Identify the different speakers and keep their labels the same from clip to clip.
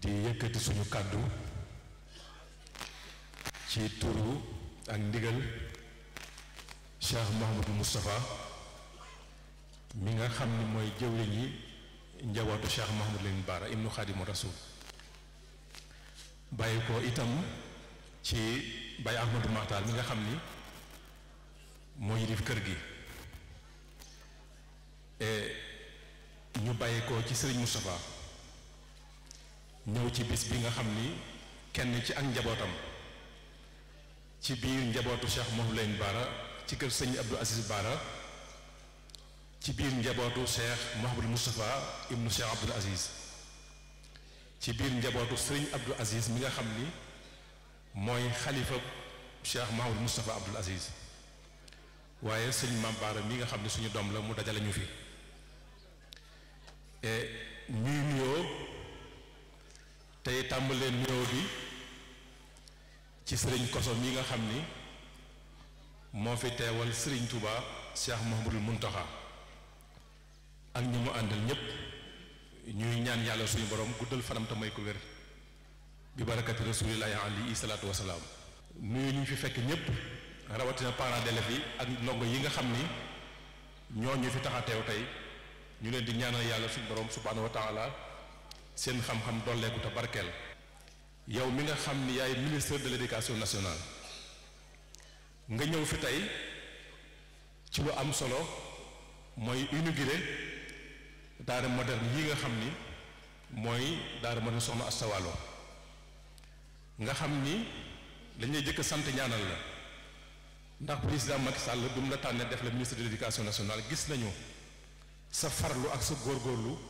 Speaker 1: di yëkkati suñu kàddu ci turu ak ndigal Cheikh Mouhamadou Moustapha mi nga xam ni mooy jëwriñ yi njabootu Cheikh Mouhamadou Lamine Bara ibnu Xaadimu Rasuul bàyyi ko itam ci Baye Ahmadou Maxtaar mi nga xam ni moo yilif kër gi e, ñu bàyyi ko ci Serigne Moustapha ñëw ci bis bi nga xam ni kenn ci ak njabootam ci biir njabootu Cheikh Mouhamadou Lamine Bara ci kër sëñ Abdou Aziz Bara ci biir njabootu Cheikh Mouhamadou Moustapha ibnu Cheikh Abdou Aziz ci biir njabootu sëriñ Abdou Aziz mi nga xam ni mooy xalifa Cheikh Mouhamadou Moustapha Abdou Aziz waaye sëñ Mame Bara mi nga xam ne suñu doom la mu dajale ñu fi e, ñuy nuyoo tey tàmbalee nuyoo bi ci sëriñ koso mi nga xam ni moo fi teewal sëriñ Touba Cheikh Mouhamadul Mountakha ak ñi mu àndal ñépp ñuy ñaan yàlla suñu borom guddal fanam te may ko wér bi barakati rasulillahi alayhi salaatu wasalaam nuyu ñu fi fekk ñépp rawatina parents yi ak ndongo yi nga xam ni ñoo ñu fi tax a teew tey ñu leen di ñaanal yàlla suñu borom subhaanahu wa seen xam-xam dolleeku barkeel yow mi nga xam ni yaay ministre de l'éducation nationale nga ñëw fi tey ci lu am solo mooy inauguré daara moderne yi nga xam ni mooy daara moderne soxna Asta Walo nga xam ni dañuy jëkk sant ñaanal la ndax président Macky Sall bi la tànnee def la ministre de l'éducation nationale gis nañu sa farlu ak sa góorgóorlu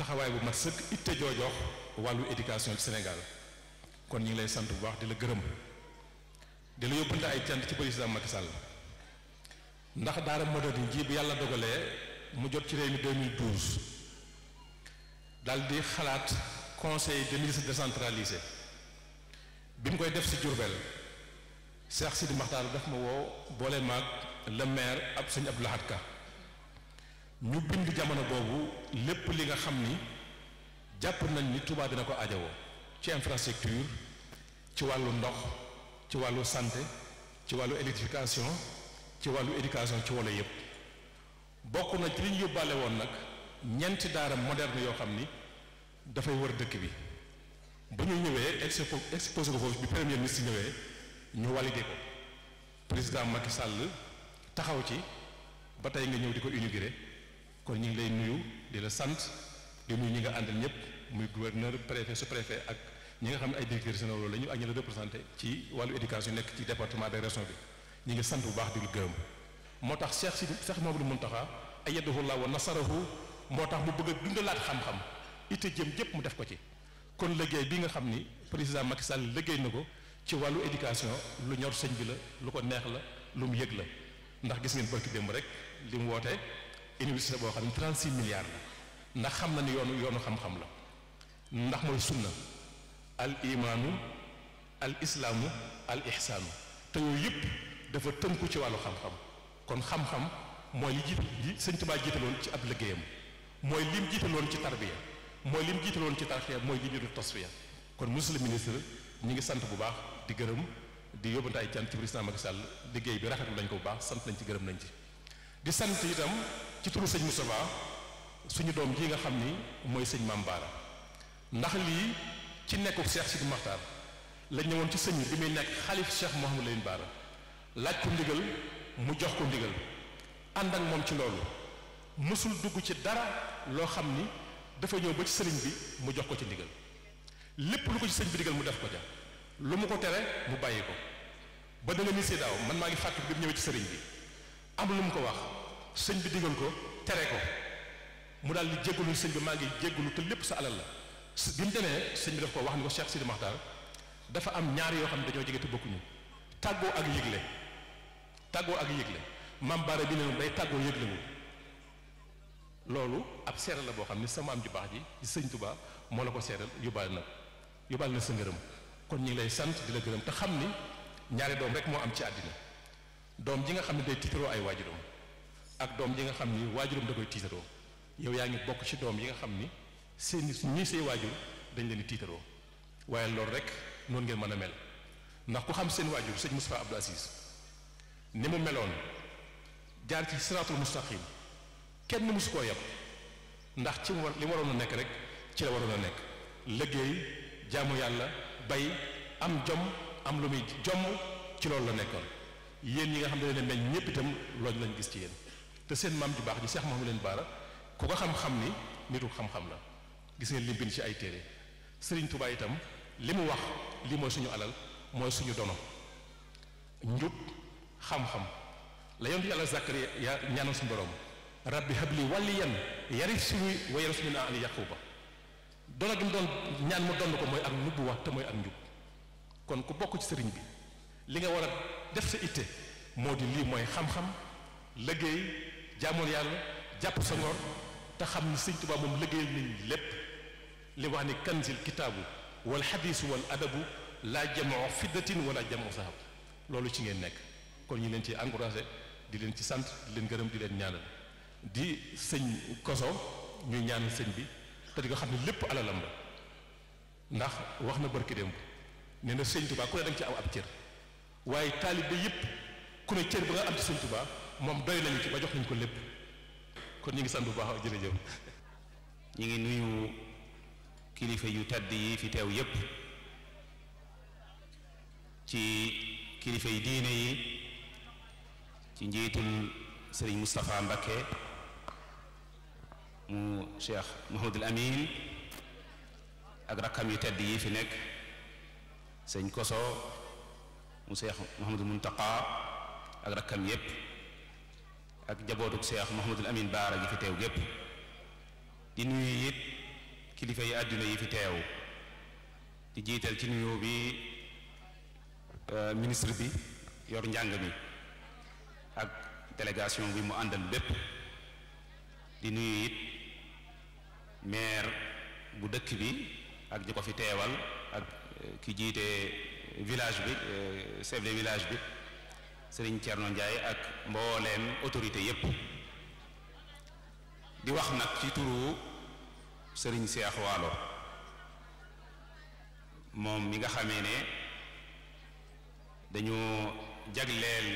Speaker 1: taxawaay bu mat sëkk itte joojoox wàllu éducation ci Sénégal kon ñu ngi lay sant bu baax di la gërëm di la yóbbante ay cant ci président Macky Sall ndax daara moderne ji bi yàlla dogalee mu jot ci réew mi 2012 daal di xalaat conseil des de décentralisé bi mu koy def si Diourbel Cheikh Sidi Makhtar daf ma woo boole maag le maire ab sëñ Abdou Lahad Ka ñu bind jamono boobu lépp li nga xam ni jàpp nañ ni Touba dina ko ajawoo ci infrastructure ci wàllu ndox ci wàllu santé ci wàllu électrification ci wàllu éducation ci wàllu yëpp bokk na ci li ñu yóbbaale woon nag ñeenti daara moderne yoo xam ni dafay wër dëkk bi ba ñu ñëwee exposé ko foofu bi premier ministre ñëwee ñu validé ko président Macky sàll taxaw ci ba tey nga ñëw di ko inauguré kon ñu ngi lay nuyu di la sant di nuyu ñi nga àndal ñëpp muy gouverneur préfet sous-préfet ak ñi nga xam ne ay directeurs généraux la ñu ak ñi la représenté ci wàllu éducation nekk ci département de région bi ñu ngi sant bu baax di lu gërëm moo tax seex si Cheikh Mamadou Mountakha ayyadahu Allah wa nasarahu moo tax mu bëgg a dundalaat xam-xam ite jëm jëpp mu def ko ci kon liggéey bi nga xam ni président Macky Sall liggéey na ko ci wàllu éducation lu ñor sëñ bi la lu ko neex la lu mu la ndax gis ngeen barki démb rek li mu université boo xam ne 36 milliards la ndax xam na ni yoonu yoonu xam-xam la ndax mooy sunna al imaanu al islaamu al ihsaanu te yooyu yëpp dafa tënku ci wàllu xam-xam kon xam-xam mooy li jiit li sëñ Tuubaa jiitaloon ci ab liggéeyam mooy lim jiitaloon ci tarbiya mooy lim jiitaloon ci tarxiya mooy li ñu tasfiya kon monsieur le ministre ñu ngi sant bu baax di gërëm di yóbbante ay cant ci président Macky Sall liggéey bi rafetlu nañ ko bu baax sant nañ ci gërëm nañ ci di sant itam ci turu sëñ Moustapha suñu doom ji nga xam ni mooy sëñ Maam Baara ndax lii ci nekkuk Cheikh Sidi Maxtaar lañ ñëwoon ci sëñ bi muy nekk xalif Cheikh Mouhamadou Lamine Baara laaj ko ndigal mu jox ko ndigal ànd ak moom ci loolu mësul dugg ci dara loo xam ni dafa ñëw ba ci sëriñ bi mu jox ko ci ndigal lépp lu ko ci sëñ bi digal mu def ko ja lu mu ko tere mu bàyyi ko ba danga ni si daaw man maa ngi fàttali bi mu ñëwee ci sëriñ bi am lu mu ko wax sëñ bi digal ko tere ko mu daal di jégalu sëñ bi maa ngi jégalu te lépp sa alal la bi mu demee sëñ bi daf ko wax ni ko Cheikh Sidi Maxtaar dafa am ñaar yoo xam ne dañoo jege te bokkuñu tàggoo ak yëgle tàggoo ak yëgle maam Baara bi ne day tàggoo yëglewul loolu ab seeral la boo xam ne sama am ju baax ji di sëñ Tuubaa moo la ko seeral yóbbaale na yóbbaale na sa ngërëm kon ñu ngi lay sant di la gërëm te xam ni ñaari doom rek moo am ci àddina doom ji nga xam ne day tiitaroo ay waajuram ak doom ji nga xam ni waajuram da koy tiitaroo yow yaa ngi bokk ci doom yi nga xam ni seen ñii say waajur dañ leen di tiitaroo waaye loolu rek noonu ngeen mën a mel ndax ku xam seen waajur sëñ Moustapha Abdou ni mu meloon jaar ci siraatul mustaqim kenn mosu koo yab ndax ci li waroon a nekk rek ci la waroon a nekk liggéey jaamu yàlla bay am jom am lu muy jomm ci loolu la nekkoon yéen yi nga xam ne leen meñ ñëpp itam loolu lañ gis ci yéen te seen maam ju baax ji seex Mouhamadou Lamine Bara ku ko xam-xam ni nitu xam-xam la gis ngeen li bind ci ay téere Serigne Touba itam li mu wax li mooy suñu alal mooy suñu dono njub xam-xam la yonent yàlla Zakariya ya ñaanal suñu borom rabbi habli waliyan yarif suñuy wa yarif suñu naa ali yaquba dono gi mu don ñaan mu donn ko mooy ak wax te mooy ak njub kon ku bokk ci sëriñ bi li nga war def sa ite moo di lii mooy xam-xam liggéey jaamul yàlla jàpp sa te xam ni sëñ Tuubaa moom liggéeyal nañ lépp li wax ni kanzil kitaabu wal xadiisu wal adabu laa jamoo fiddatin wala jamoo sahab loolu ci ngeen nekk kon ñu leen ci encouragé di leen ci sant di leen gërëm di leen ñaanal di sëñ koso ñu ñaanal sëñ bi te di nga xam ne lépp alalam la ndax wax na barki démb nee na sëñ Tuubaa ku ne da ci aw ab cër waaye taalibe yëpp ku ne cër ba nga am ci moom doy nañu ci ba jox nañu ko lépp kon ñu ngi sant bu baax jërëjëf. ñu ngi nuyu kilifa yu tedd yi fi teew yëpp ci kilifa yi diine yi ci njiitul sëriñ Moustapha Mbakke mu Cheikh Mouhamadul Amin ak rakkam yu tedd yi fi nekk sëñ Koso. mu seex Mouhamadul Muntaqa ak rakkam yépp ak jabootuk seex Mouhamadul Amin Baara gi fi teew gépp di nuyu it kilifa yi àdduna yi fi teew di jiital ci nuyu bi ministre bi yor njàng mi ak délégation bi mu àndal bépp di nuyu it maire bu dëkk bi ak ñi ko fi teewal ak ki jiite village bi euh, chef de village bi Serigne Thierno Ndiaye ak mbooleem autorité yépp di wax nag ci turu Serigne Cheikh Waalo moom mi nga xame ne dañu jagleel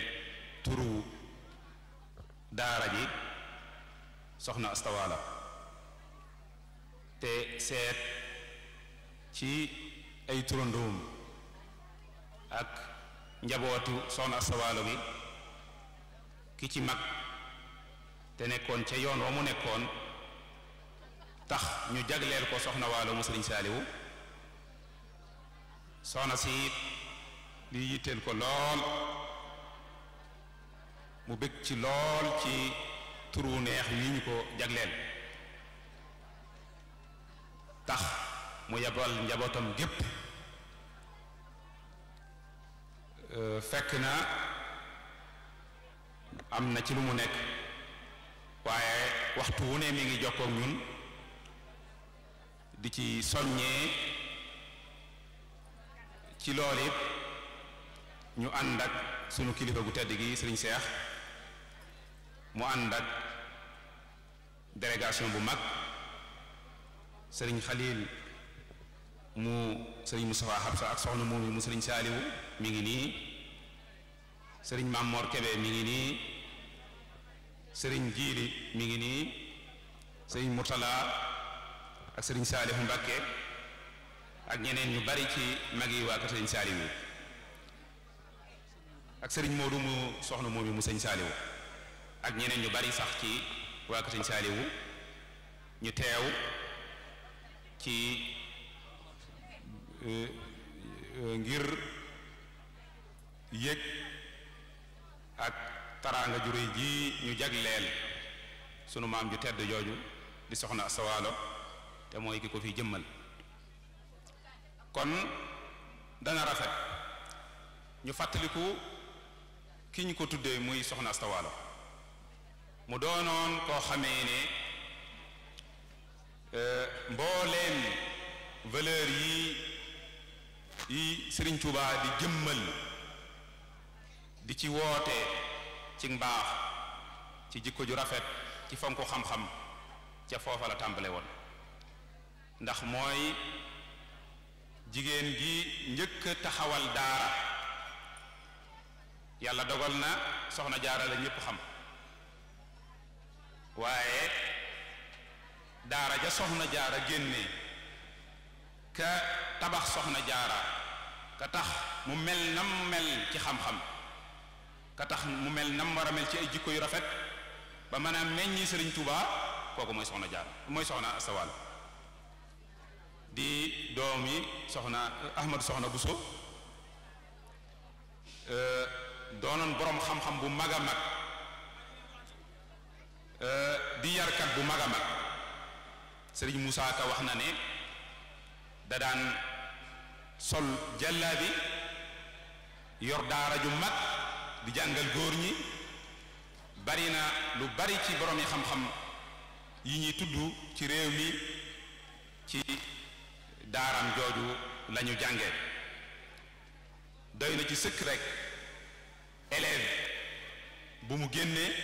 Speaker 1: turu daara ji soxna astawaala te seet ci ay turandoom ak njabootu soxna astawaalo bi ki ci mag te nekkoon ca yoon wa mu nekkoon tax ñu jagleel ko soxna waalo mu sëriñ saaliwu soxna si li yitteel ko lool mu bëgg ci lool ci turu neex yi ñu ko jagleel tax mu yabal njabootam gépp Euh, fekk na am na ci lu mu nekk waaye waxtu wu ne mi ngi jokkoog ñun di ci soññee ci lool it ñu ànd ak sunu kilifa gu tedd gi sëriñ Seex mu ànd ak délégation bu mag sëriñ Xalil mu sëriñ Moustapha Habsa ak soxna moom yi mu sëriñ Saaliwu mi ngi nii sëriñ Mamor Kebe mi ngi nii sëriñ Jiili mi ngi nii sëriñ Murtala ak sëriñ Saalihu Mbàkke ak ñeneen ñu bari ci mag yi waa kër sëriñ sëriñ Moodu soxna moom yi mu ak ñeneen ñu bari sax ci waa kër sëriñ Saaliwu ñu teew ci Euh, euh, ngir yëg ak taraanga ju réy ji ñu jagleel sunu maam ju tedd jooju di soxna sawaalo te mooy ki ko fi jëmmal kon dana rafet ñu fàttaliku ki ñu ko tuddee muy soxna astawaalo mu doonoon koo xamee ne euh, mbooleem valeur yi yi sëriñ Tuubaa di jëmmal di ci woote ci mbaax ci jikko ju rafet ci fonku xam-xam ca foofa la tàmbale woon ndax mooy jigéen gi njëkk taxawal daara yàlla dogal na soxna jaara la ñépp xam waaye daara ja soxna jaara génnee ka tabax soxna jaara ka tax mu mel nam mel ci xam-xam ka tax mu mel nam war a mel ci ay jikko yu rafet ba mën a meññi sëriñ Tuubaa kooku mooy soxna jaara mooy soxna asawaal di doomi soxna Ahmadu soxna Buso euh, doonoon boroom xam-xam bu mag a mag euh, di yarkat bu mag a mag sëriñ Moussa Ka wax na ne da daan sol jàllaabi yor daara ju mag di jàngal góor ñi bari na lu bari ci borom yi xam-xam yi ñuy tudd ci réew mi ci daaram jooju lañu jànge doy na ci sëkk rekk élève bu mu génnee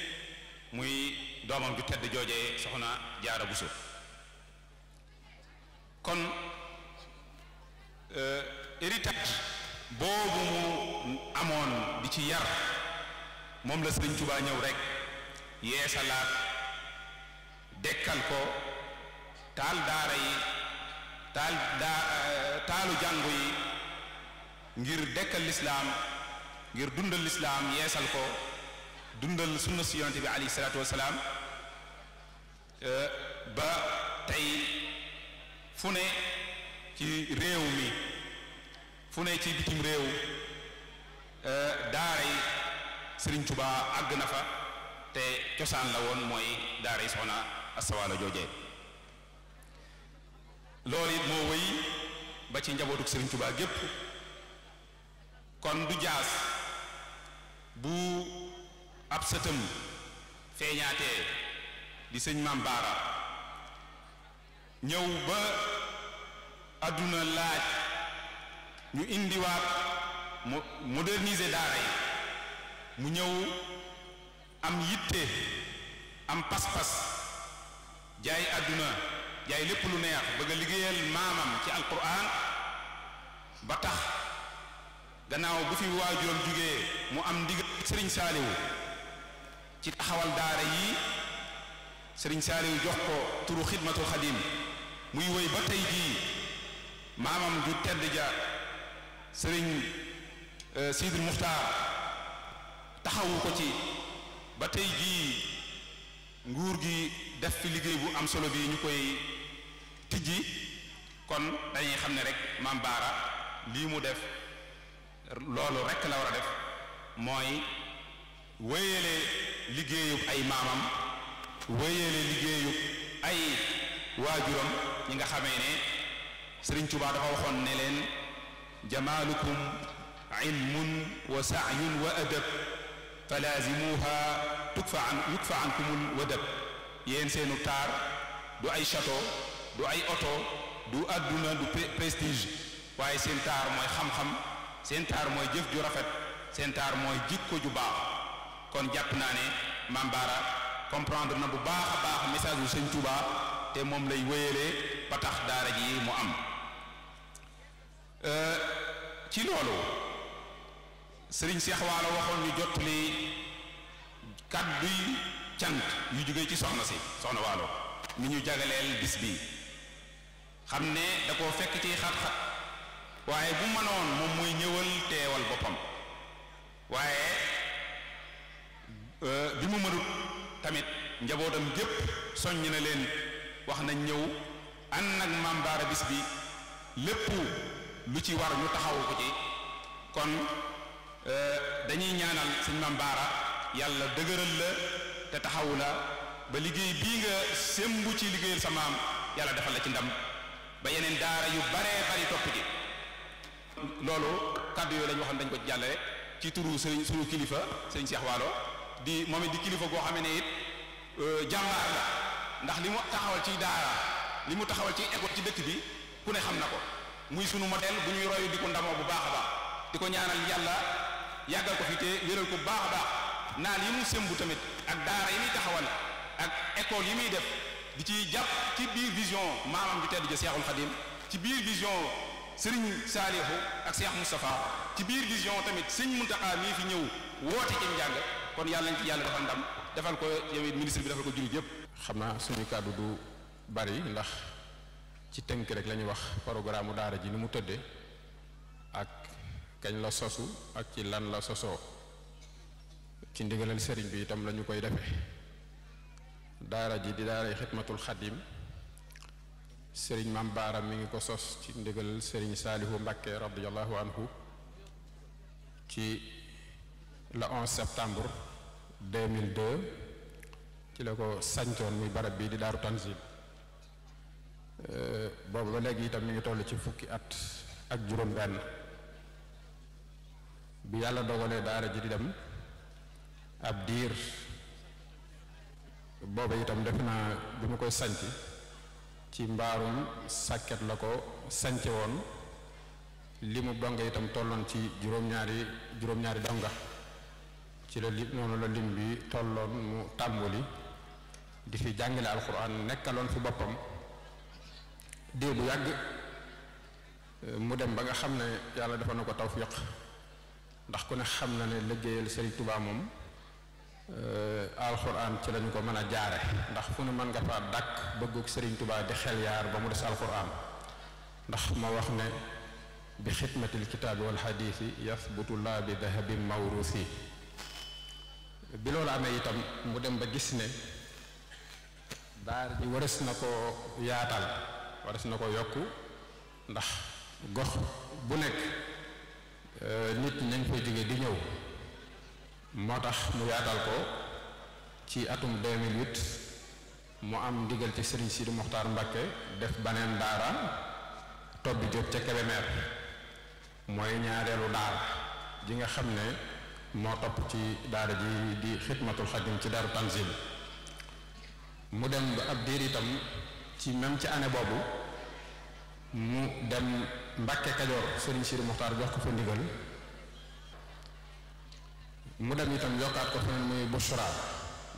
Speaker 1: muy doomam ju tedd joojee soxna jaara buso kon Euh, héritage boobu mu amoon di ci yar moom la Sëriñ Tuubaa ñëw rek yeesalaat dekkal ko taal daara yi taal daa euh, taalu jàngo yi ngir dekkal lislaam ngir dundal lislaam yeesal ko dundal sunna si yonent bi alayhi salaatu wasalaam euh, ba tey fu ne ci réew mi fu ne ci bitim réew euh, daara Sëriñ Tuba àgg na fa te cosaan la woon mooy daara yi soxna astawaalo joojee loolu it moo wëy ba ci njabootuk Sëriñ Tuba gépp kon du jaas bu ab sëtëm feeñaatee di sëñ Maam ñëw ba àdduna laaj ñu indiwaat mo moderniser daara yi mu ñëw am yitte am pas-pas jaay adduna jaay lépp lu neex ba nga liggéeyal maamam ci alquran ba tax gannaaw bu fi waajuram jógee mu am ndigal sëriñ saaliwu ci taxawal daara yi sëriñ saaliwu jox ko turu xidmatul xadim muy woy ba tey jii maamam ju tedd ja sëriñ euh, Sidil Muxtaar taxawu ko ci ba tey jii nguur gi def fi liggéey bu am solo bii ñu koy tijji kon dañuy xam ne rek maam Baara lii mu def loolu rek la war a def mooy wéyale liggéeyub ay maamam wéyale liggéeyub ay waajuram ñi nga xamee ne سرين توبا دا واخون نلين جمالكم علم وسعي وادب فلازموها تكفى عن يكفى عنكم الودب يين سينو تار دو اي شاتو دو اي اوتو دو ادونا دو بريستيج واي سين تار موي خام خام سين تار موي جيف جو رافيت سين تار موي جيكو جو باخ كون جاب ناني مامبارا كومبراندر نا بو باخا باخ ميساجو سين توبا تي موم لاي ويهلي باتاخ دارا جي مو ام Euh, ci loolu sëriñ Cheikh Waalo waxoon ñu jot li kàdduy cant yu jóge ci soxna si soxna Waalo mi ñu jagaleel bis bi xam ne da koo fekk ci xat-xat waaye bu mënoon moom mooy ñëwal teewal boppam waaye euh, bi mu mënut tamit njabootam gépp soññ na leen wax nañ ñëw ànd nag maam baara bis bi lépp lu ci war ñu taxawu ko ci kon euh, dañuy ñaanal sëñ Mame Bara yàlla dëgëral la te taxawu la ba liggéey bii nga sembu ci liggéeyal sa maam yàlla defal la ci ndam ba yeneen daara yu baree bari topp ci loolu kàddu yooyu la ñu waxoon dañ ko jàllale ci turu suñu kilifa sëriñ Cheikh Waalo di moom it di kilifa goo xamee ne it euh, jàmbaar la ndax li mu taxawal ci daara li mu taxawal ci école ci dëkk bi ku ne xam na ko muy sunu modèle bu ñuy royu di ko ndamoo bu baax a baax di ko ñaanal yàlla yàggal ko fi te wéral ko bu baax a baax naal yi mu sëmbu tamit ak daara yi muy taxawal ak école yi muy def di ci jàpp ci biir vision maamam ju tedd ja Seexul Xadim ci biir vision Sëriñ Saalihu ak Seex Moustapha ci biir vision tamit sëñ Muntaxa mii fi ñëw woote ci njàng kon yàlla nañ ci yàlla defal ndam defal ko yow ministre bi defal ko jullit yëpp. xam naa suñu kàddu du bari ndax. ci tenk rek la ñu wax programme daara ji ni mu tëdde ak kañ la sosu ak ci lan la sosoo ci ndigalal sëriñ bi itam lañu koy defee daara ji di daaray xidmatul xadim sëriñ Mam Baara mi ngi ko sos ci ndigalal sëriñ Saalihu Mbàkke radiallahu anhu ci le septembre 2002 ci la ko sañtoon muy barab bi di daaru tanzil Euh, boobu ba léegi itam mi ngi toll ci fukki at ak juróom-benn bi yàlla dogalee daara ji di dem ab diir booba itam def naa bi mu koy sanc ci mbaarum sàkket la ko sanc woon li mu donga itam tolloon ci juróom-ñaari juróom-ñaari donga ci la li noonu la lim bi tolloon mu tàmbali di fi jàngale alxuraan nekkaloon fi boppam diir bu yàgg mu dem ba nga xam ne yàlla dafa na ko tawfiq ndax ku ne xam na ne liggéeyal Serigne tubaa moom eh, alxuraan ci lañu ko mën a jaare ndax fu ne mën nga fa dàkk bëggug sëriñ tubaa di xel yaar ba mu des alxuraan ndax ma wax ne bi xidmatil kitaabi wal xadiisi yasbutu laa bi dahabin mawrusi bi loolu amee itam mu dem ba gis ne daar ji waris na koo yaatal waras na ko yokk ndax gox bu nekk euh, nit nañ fay jóge di ñëw moo tax mu yaatal ko ci atum 2008 mu am ndigal ci Serigne Sidi Mokhtar Mbacké def baneen daara tobbi jóg ca Kébémer mooy ñaareelu daara ji nga xam ne moo topp ci daara ji di xidmatul xadim ci daaru tanzil mu dem ba ab diir itam ci même ci année boobu mu dem Mbàkke Kajoor Serigne Sidi Muxtaar jox ko fa ndigal mu dem itam yokkaat ko feneen muy Busra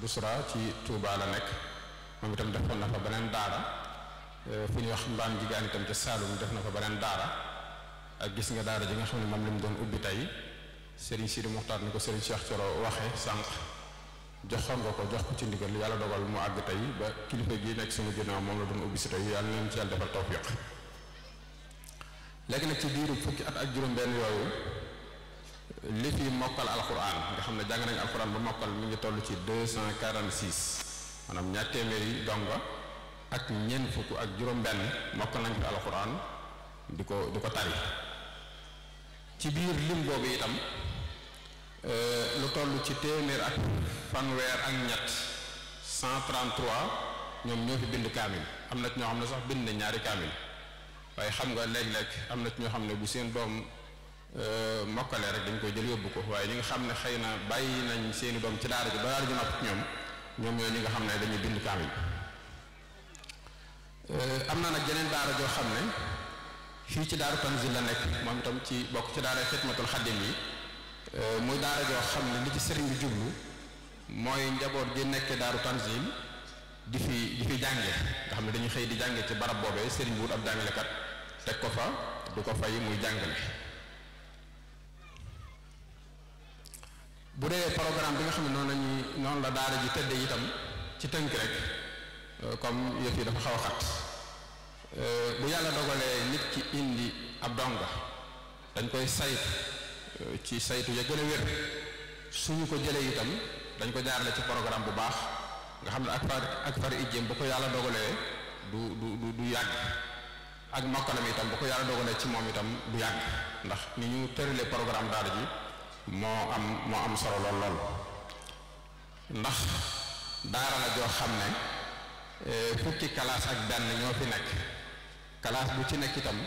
Speaker 1: Busra ci tuubaa la nekk moom itam defoon na fa beneen daara euh, fi ñuy wax mbaam jigaan itam ca Saalum def na fa beneen daara ak gis nga daara ji nga xam ne moom la mu doon ubbi tey Serigne Sidi Muxtaar ni ko Serigne Cheikh Thioro waxe sànq jox nga ko jox ko ci ndigal yàlla dogal mu àgg tey ba kilifa gi nekk suñu ginnaaw moom la doon ubbi si tey yàlla nañ ci yàlla defal tawfiq léegi nag ci biiru fukki at ak juróom-benn yooyu li fi mokkal alquran nga xam ne jàng nañ alquran ba mokkal mi ngi toll ci deux cent maanaam ñaar téeméeri donga ak ñeent fukk ak juróom-benn nañ fi alquran di ko di ko tari ci biir lim boobu itam. Euh, lu toll ci téeméer ak fanweer ak ñett ñoom ñoo fi bind kaamil am na ci ñoo xam ne sax bind na ñaari kaamil waaye xam nga léeg lekk am na ñoo xam ne bu seen doom euh, mokkale rek dañ koy jël yóbbu ko waaye ñi nga xam ne xëy na bàyyi nañ seeni doom ci daara ji ba daara ñoom ñoom yooyu ñi nga xam ne dañuy bind kaamil euh, am na nag jeneen daara joo xam ne fii ci daaru Tanzil la nekk moom itam ci bokk ci daara Xidmatul Xadim yi Euh, muy daara joo xam ne li ci sëriñ bi jublu mooy njaboot gi nekk daaru tanzil di fi di fi jànge nga xam ne dañu xëy di jànge ci barab boobee sëriñ buur wut ab jàngalekat teg ko fa du ko fay muy jàngale bu dee programme bi nga xam ne noonu lañuy noonu la daara ji tëdde itam ci tënk rek euh, comme yëf yi dafa xaw a euh, bu yàlla dogalee nit ki indi ab donga dañ koy say ci saytu ya gën a wér suñu ko jëlee itam dañ ko jaarale ci programme bu baax nga xam ne ak far ak far ijjéem bu ko yàlla dogalee du du du yàgg ak mokkalam itam bu ko yàlla dogalee ci moom itam du yàgg ndax ni ñu tëralee programme daara ji moo am moo am solo lool lool ndax daara la joo xam ne eh, fukki kalaas ak benn ñoo fi nekk kalaas bu ci nekk itam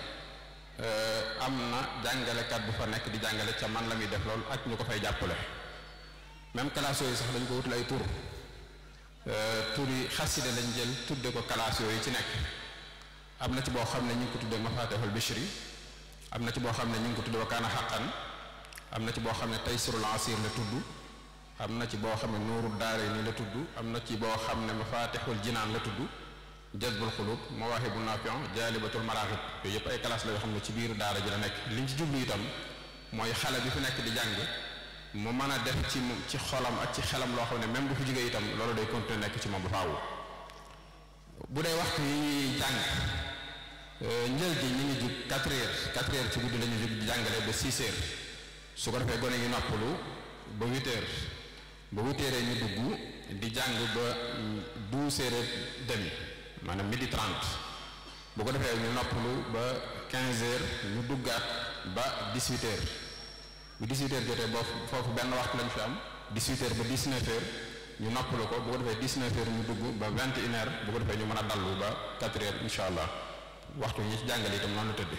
Speaker 1: Euh, am na jàngalekat bu fa nekk di jàngale ca man la muy def loolu ak ñu ko fay jàppale même classe yooyu sax dañ ko wutal ay tur euh, turi xasida lañu jël tudde ko classe yooyu ci nekk am na ci boo xam ne ñu ngi ko tudde mafatihul bishri am na ci boo xam ne ñu ngi ko tudde kaana xaqan am na ci boo xam ne taysirul asir la tudd am na ci boo xam ne nuuru daare ni la tudd am na ci boo xam ne faa mafatihul jinaan la tudd jazbul khulub mawahibun nafi'un jalibatul maraaxib yooyu yëpp ay classe la yo xamne ci bir daara ji la nek liñ ci djublu itam moy xala bi fi nek di jang mu meuna def ci ci xolam ak ci xelam lo xamne meme bu fi jige itam lolu day continuer nek ci mom bu faawu bu day waxtu yi jang ñeul njël gi ñu ngi jug 4 h 4 h ci guddi lañu ñu di jangale ba 6 h su ko defé gone gi noppulu ba 8 h ba 8 h ñu dugg di jang ba 12 h demi maanaam midi 30 bu ko defee ñu lu ba 15 heures ñu duggaat ba 18 heures bu 18 heures jotee boo foofu benn waxtu lañ fi am 18 heures ba 19 heures ñu noppalu ko bu ko defee 19 heures ñu dugg ba 21 heures bu ko defee ñu mën a dallu ba 4 heures incha allah waxtu ñi ci jàngale tam noonu la tëdd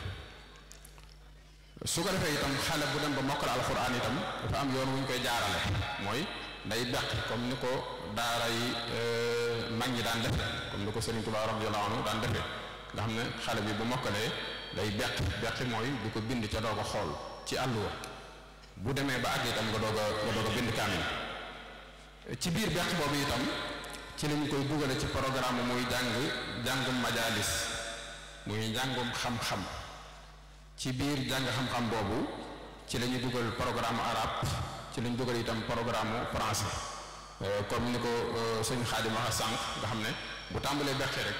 Speaker 1: su ko defee itam xale bu dem ba mokkal alxuraan itam dafa am yoon wu ñu koy jaarale mooy. day dàq comme ni ko daara yi euh, mag ñi daan defe comme ni ko Serigne Touba radiyallahu anhu daan defe nga xam ne xale bi bu mokkalee day beq beqi mooy du ko bind ca doog a xool ci àlluwa bu demee ba àgg itam nga doog a nga doog a bind kaamil ci biir beq boobu itam ci lañ koy dugale ci programme muy jàng jàngum majalis muy jàngum xam-xam ci biir jàng xam-xam boobu ci la ñuy dugal programme arabe ci lañ dugal itam programme français euh, comme niko ko khadim euh, xaadim waxa nga xam bu tambalé bexé rek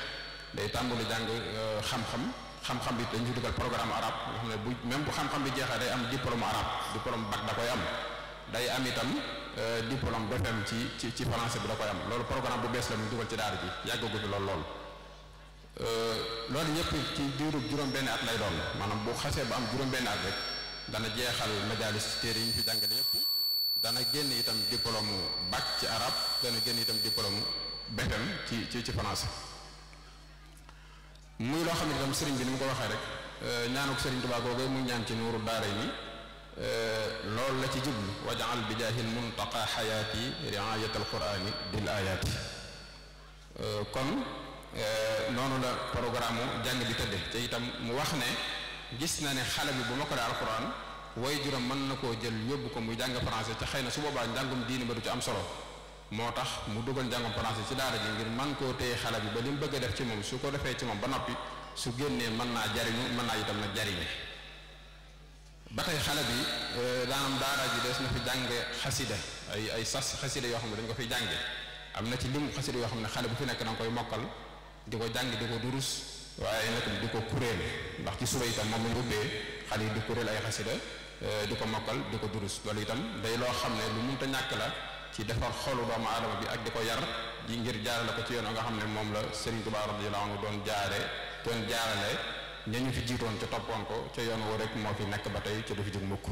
Speaker 1: day tambalé jang euh, xam-xam xam-xam bi dañ ci dugal programme arab nga xam bu même bu xam-xam bi jeexee day am diplôme arab diplôme bac da koy am day am itam diplôme BFM ci ci ci français bu da koy am lolu programme bu bees la ñu dugal ci daara ji yàggagu fi lolu euh lolu ñëpp ci diiru juroom benn at lay doon manam bu xasse ba am juroom benn at rek dana jeexal majalis téré yi ñu fi jàngale dana génn itam diplôme bac ci arab dana génn itam diplôme BFEM ci ci ci français muy loo xam ne itam sëriñ bi ni mu ko waxee rek euh, ñaanu ko sëriñ Tuubaa googu mu ñaan ci nuuru daara yi euh, loolu la ci jublu wajaal bi jaahil muntaqa xayaati riayat alqurani bil ayaati euh, kon noonu la programme jàng bi tëdde te itam mu wax ne gis na ne xale bi bu ma ko dee alquran way juram mën na koo jël yóbbu ko muy jàng français te xëy na su boobaa njàngum diini ba du ci am solo moo tax mu dugal njàngum français ci daara ji ngir man koo téye xale bi ba li def ci moom su ko defee ci moom ba noppi su génnee mën naa jariñu mën naa itam na jariñe ba tey xale bi euh, daanam daara ji des na fi jànge xasida ay ay sas xasida yoo xam ne dañ ko fi jànge am na ci limu xasida yoo xam ne xale bu fi nekk danga koy mokkal di ko jàng di ko durus waaye nag di ko kuréel ndax ci suba itam moom lañ ubbee xale yi di kuréel ay xasida Euh, di ko mokkal di ko durus loolu itam day loo xam ne lu mënta ñàkk la ci defar xolu doomu aadama bi ak di ko yar di ngir jaarale ko ci yoon nga xam ne moom la Serigne Touba radiyallahu anhu doon jaare doon jaarale ña ñu fi jiitoon ca toppoon ko ca yoon woo rek moo fi nekk ba tey ca du fi jóg mukk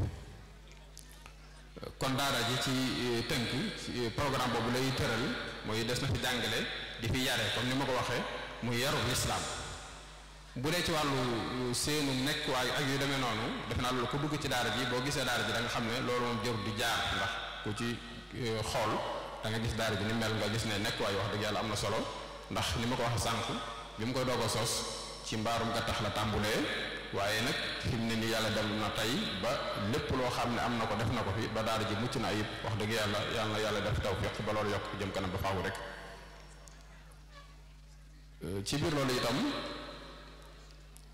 Speaker 1: kon daara ji ci euh, tënk euh, programme boobu lay tëral mooy des na fi jàngale di fi yare comme ni ma ko waxee mu yaru l'islam bu dee ci wàllu seenu nekk waaye ak yu demee noonu def naa loolu ku dugg ci daar ji boo gisee daar ji danga xam ne loolu moom jarul di jaar ndax ku ci euh, xool da gis daar ji ni mel nga gis ne nekk waaye wax dëgg yàlla am na solo ndax ni ma ko waxee sànq bi mu koy doog a sos ci mbaarum gattax la tàmbulee waaye nag fi mu ne ni yàlla dem na tey ba lépp loo xam ne am na ko def na ko fi ba daara ji mucc naa ayib wax dëgg yàlla yàlla na yàlla def tawfiq ba loolu yokk jëm kanam ba faaw rek euh, ci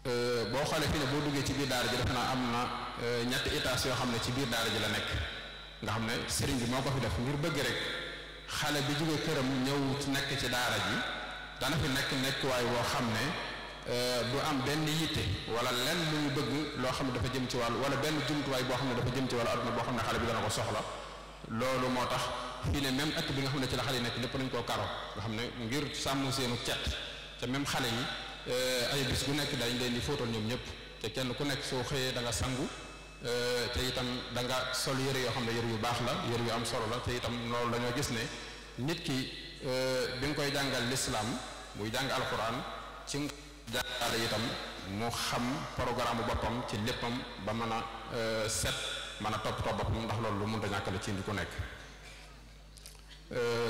Speaker 1: Euh, boo xoolee fi ne boo duggee ci biir daara ji defe naa am na euh, ñetti étages yoo xam ne ci biir daara ji la nekk nga xam ne sëriñ bi moo ko fi def ngir bëgg rek xale bi jóge këram ñëw nekk ci daara ji dana fi nekk nekkuwaay woo xam ne euh, du am benn yitte wala lenn lu ñu bëgg loo xam ne dafa jëm ci wàllu wala benn jumtuwaay boo xam ne dafa jëm ci wàllu adduna boo xam ne xale bi dana ko soxla loolu moo tax fii ne même at bi nga xam ne ci la xale yi nekk lépp nañ koo karo nga xam ne ngir sàmm seenu cet te même xale yi Euh, ay bis bu nekk dañ leen di fóotal ñoom ñëpp te kenn ku nekk soo xëyee da nga sangu euh, te itam danga sol yëre yoo xam ne yëre yu baax la yëre yu am solo la te itam loolu lañoo gis ne nit ki euh, bi nga koy jàngal lislaam muy jàng alquran ci jàngale itam mu xam programme boppam ci léppam ba mën a set mën a toppatoo boppam ndax loolu lu mënta ñàkkale ci ndi ku nekk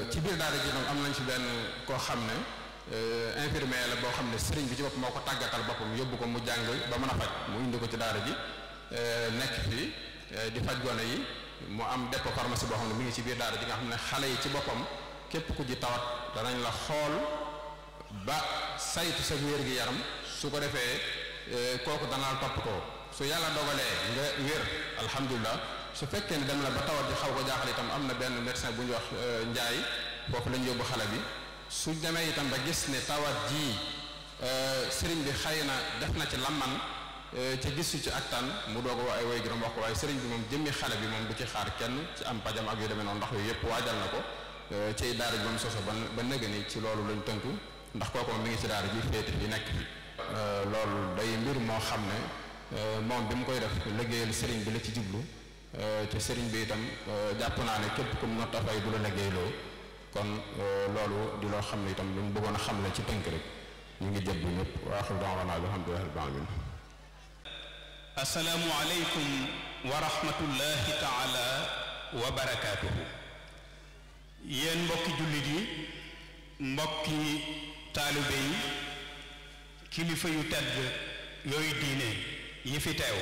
Speaker 1: ci biir daara ji nag am nañ ci benn koo xam ne Euh, infirmier la boo xam ne sëriñ bi ci bopp moo ko tàggatal boppam yóbbu ko mu jàng ba mën a faj mu indi ko ci daara ji euh, nekk fi euh, di faj gone yi mu am dépôt pharmacie boo xam ne mu ngi ci biir daara ji nga xam ne xale yi ci boppam képp ku ji tawat danañ la xool ba saytu sa wér gi yaram su ko defee kooku danaal ko su yàlla dogalee nga wér alhamdulilah su fekkee ne dem na ba tawat ji xaw ko jaaxal itam am na benn médecin bu ñuy wax Njaay foofu lañ yóbbu xale bi suñ demee itam ba gis ne tawat jii euh, sëriñ bi xëy na def na ci lamman euh, ci gisu ci ak tan mu doog ay way juróom wax ko waaye sëriñ bi moom jëmmi xale bi moom du ci xaar kenn ci am pajam ak yu demee noonu ndax yooyu yëpp waajal na ko euh, ci daar ji moom soso ba ba nëga ci loolu lañu tënku ndax kooku moom mi ngi ci daara ji féete fi nekk loolu day mbir moo xam ne moom bi mu koy def liggéeyal sëriñ bi la ci jublu te sëriñ bi itam jàpp naa ne képp kum not afay du la liggéeyloo kon euh, loolu di xam ne itam lu mu bëggoon a xam la ci tënk rek ñu ngi jëb bi ñëpp wa axiru da'waanaa alhamdulillahi rabbil aalamiin assalaamu aleykum wa rahmatullahi taala wa barakaatuhu yéen mbokki jullit yi mbokki taalibe yi kilifa yu tedd yooyu diine yi fi teew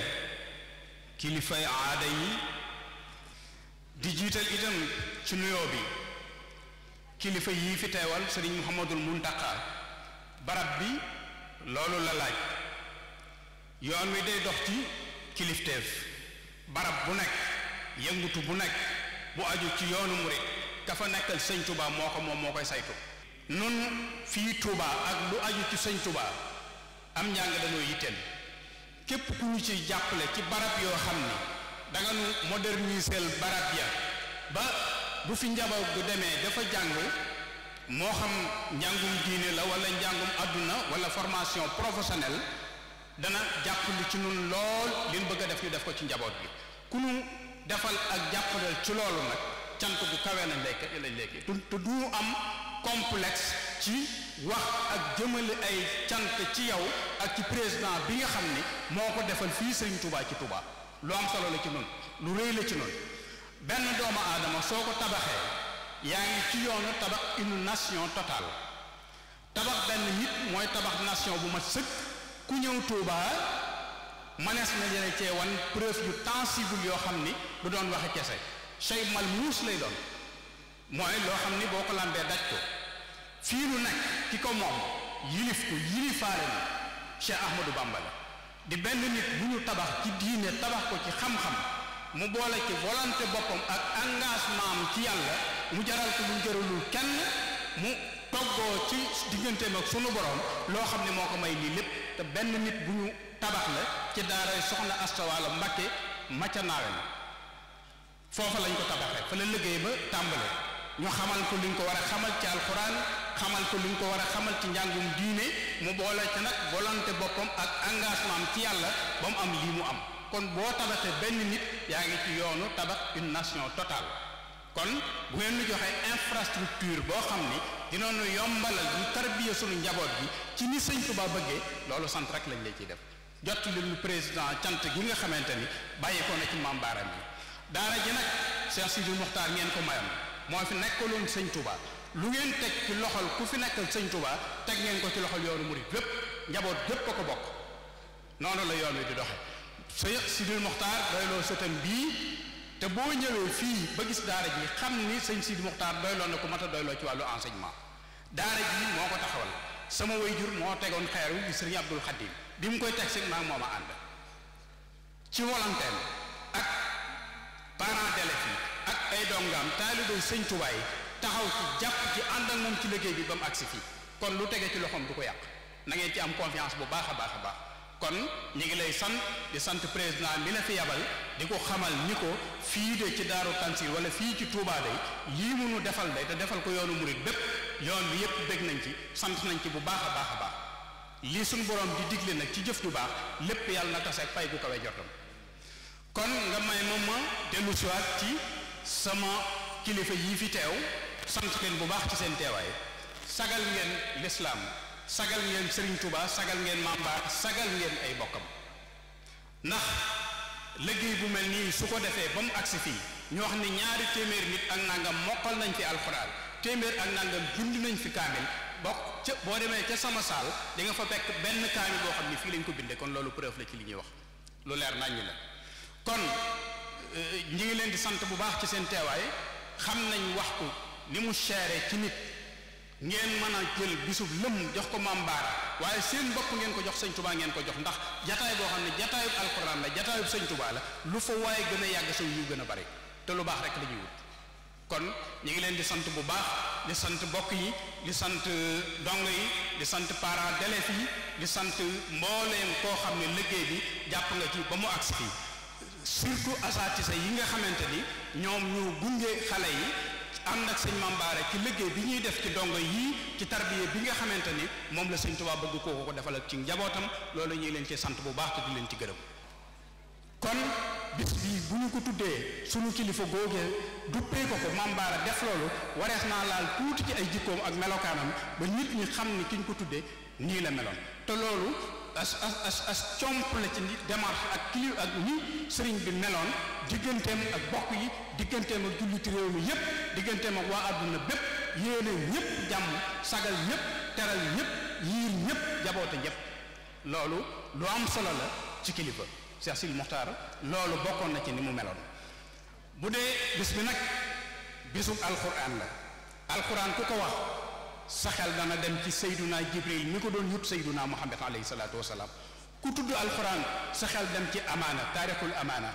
Speaker 1: kilifay aada yi di jiital itam ci nuyoo bi kilifa yii fi teewal sëriñ Muhammadul Muntaqa barab bi loolu la laaj yoon wi day dox ci kilifteef barab bu nekk yëngutu bu nekk bu aju ci yoonu murit ka fa nekkal sëñ tuuba moo ko moom moo koy saytu nun fii Touba ak lu aju ci sëñ Touba am njàng dañoo yitteel képp ku ñu ci jàppale ci barab yoo xam ni danga nu moderniseel barab ya ba bu fi njaboot gu demee dafa jàng moo xam njàngum diine la wala njàngum àdduna wala formation professionnelle dana jàppandi ci nun lool liñ bëgg a def ñu def ko ci njaboot bi ku nu defal ak jàppandal ci loolu nag cant bu kawee lañ lay lañ léegi te du am complexe ci wax ak jëmale ay cant ci yow ak ci président bi nga xam ni moo ko defal fii Serigne Touba ci Touba lu am solo la ci noonu lu rëy la ci noonu benn doomu aadama soo ko tabaxee yaa ngi ci yoonu tabax une nation totale tabax benn nit mooy tabax nation bu ma sëkk ku ñëw Touba manees na jëne cee wan preuve yu tangible yoo xam ni du doon waxe kese shay malmuus lay doon mooy loo xam ni boo ko lambee daj ko fii lu nekk ki ko moom yilif ko yilifaale na Cheikh Ahmadou Bamba di benn nit bu ñu tabax ci diine tabax ko ci xam-xam mu boole ci volonté boppam ak engagement am ci yàlla mu jaral ko mu jaralul kenn mu toggoo ci digganteem ak sunu borom loo xam ne moo ko may lii lépp te benn nit bu tabax la ci daaray soxla Asta Walo Mbakke macca naawe la foofa lañ ko tabaxee fa la liggéey ba tàmbale ñu xamal ko liñ ko war a xamal ci alxuraan xamal ko liñ ko war xamal ci njàngum diine mu boole ci nag volonté boppam ak engagement am ci yàlla ba mu am lii mu am kon boo tabaxee benn nit yaa ngi ci yoonu tabax une nation totale kon bu ngeen nu joxee infrastructure boo xam ni dina nu yombalal ñu tarbiya sunu njaboot bi ci ni sëñ tubaa bëggee loolu sant rek lañ lay ciy def jot lu président cant gi nga xamante ni bàyyi ko na ci mambaaram yi daara ji nag Cheikh Sidil Muxtaar ngeen ko mayam moo fi nekkaloon sëñ Tuubaa lu ngeen teg ci loxol ku fi nekkal sëñ tubaa teg ngeen ko ci loxol yoonu murid yépp njaboot yépp ko bokk noonu la yoon wi di doxe Sëñ Sidil Muxtaar doyloo sëtam bii te boo ñëwee fii ba gis daara ji xam ni sëñ Sidil Muxtaar doyloo na ko mat a doyloo ci wàllu enseignement daara ji moo ko taxawal sama wayjur moo tegoon xeer wi sëriñ Abdul Xadim bi mu koy teg si maa moom a ànd ci volontaire ak parents d'élèves ak ay dongaam taalibe sëñ Tuubaa yi taxaw ci jàpp ci ànd moom ci liggéey bi ba mu agsi fii kon lu tege ci loxoom du ko yàq na ngeen ci am confiance bu baax a baax a baax kon ñu ngi lay sant di sant président mi la fi yabal di ko xamal ni ko fii de ci Daaru Tanzil wala fii ci Touba de lii munu defal de te defal ko yoonu murit bépp yoon bi yépp bég nañ ci sant nañ ci bu baax a baax a baax lii suñ borom di digle nag ci jëf ju baax lépp yàlla na tase ak fay gu kawe jotam kon nga may moom ma dellu siwaat ci sama kilifa yii fi teew sant leen bu baax ci seen teewaay sagal ngeen lislaam sagal ngeen sëriñ tubaa sagal ngeen Mamba sagal ngeen ay bokkam ndax liggéey bu mel nii su ko defee ba mu agsi fii ñu wax ni ñaari téeméer nit ak nangam mokkal nañ fi alxuraan téeméer ak nangam bind nañ fi kaamil bokk ca boo demee ca sama saal di nga fa fekk benn kaamil boo xam ni fii lañ ko bindee kon loolu preuve la ci li ñuy wax lu leer naññ la kon euh, ñi ngi leen di sant bu baax ci seen teewaay xam nañ wax ko ni mu seere ci nit ngeen mën a jël bisub lëm jox ko maam baara waaye seen bopp ngeen ko jox sëñ tubaa ngeen ko jox ndax jataay boo xam ne jataayub alxuraan la jataayub sëñ tubaa la lu fa waaye gën a yàgg saw yu gën a bari te lu baax rek la ñuy wut kon ñu ngi leen di sant bu baax di sant bokk yi di sant dongo yi di sant parents d'élèves yi di sant mbooleem koo xam ne liggéey bi jàpp nga ci ba mu agsi fii surtout asatisa yi nga xamante ni ñoom ñu gunge xale yi ànd ak sëñ mambaare ci liggéey bi ñuy def ci ndongo yii ci tarbiya bi nga xamante ni moom la sëñ Tuubaa bëgg koo ko defal ak ci njabootam loolu ñuy leen ci sant bu baax te di leen ci gërëm kon bis bi bu ñu ko tuddee suñu kilifa góogee duppee ko ko mambaara def loolu warees naa laal tuuti ci ay jikkoom ak melokaanam ba nit ñi xam ni ki ñu ko tuddee nii la meloon te loolu as as as as comp la ci démarche ak kili ak ñi sëriñ bi meloon digganteem ak bokk yi digganteem ak julliti réew mi yépp digganteem ak waa àdduna bépp yéene ñépp jàmm sagal ñépp teral ñépp yiir ñépp jaboote ñépp loolu lu am solo la ci kilifa Cheikh Sil Muxtaar loolu bokkoon na ci ni mu meloon bu dee bis bi nag bisu alxuraan la alxuraan ku ko wax sa xel dana dem ci sayduna jibril ñu ko doon yut sayduna muhammad alayhi salaatu wasalaam ku tudd alxuraan sa xel dem ci amaana taarixul amaana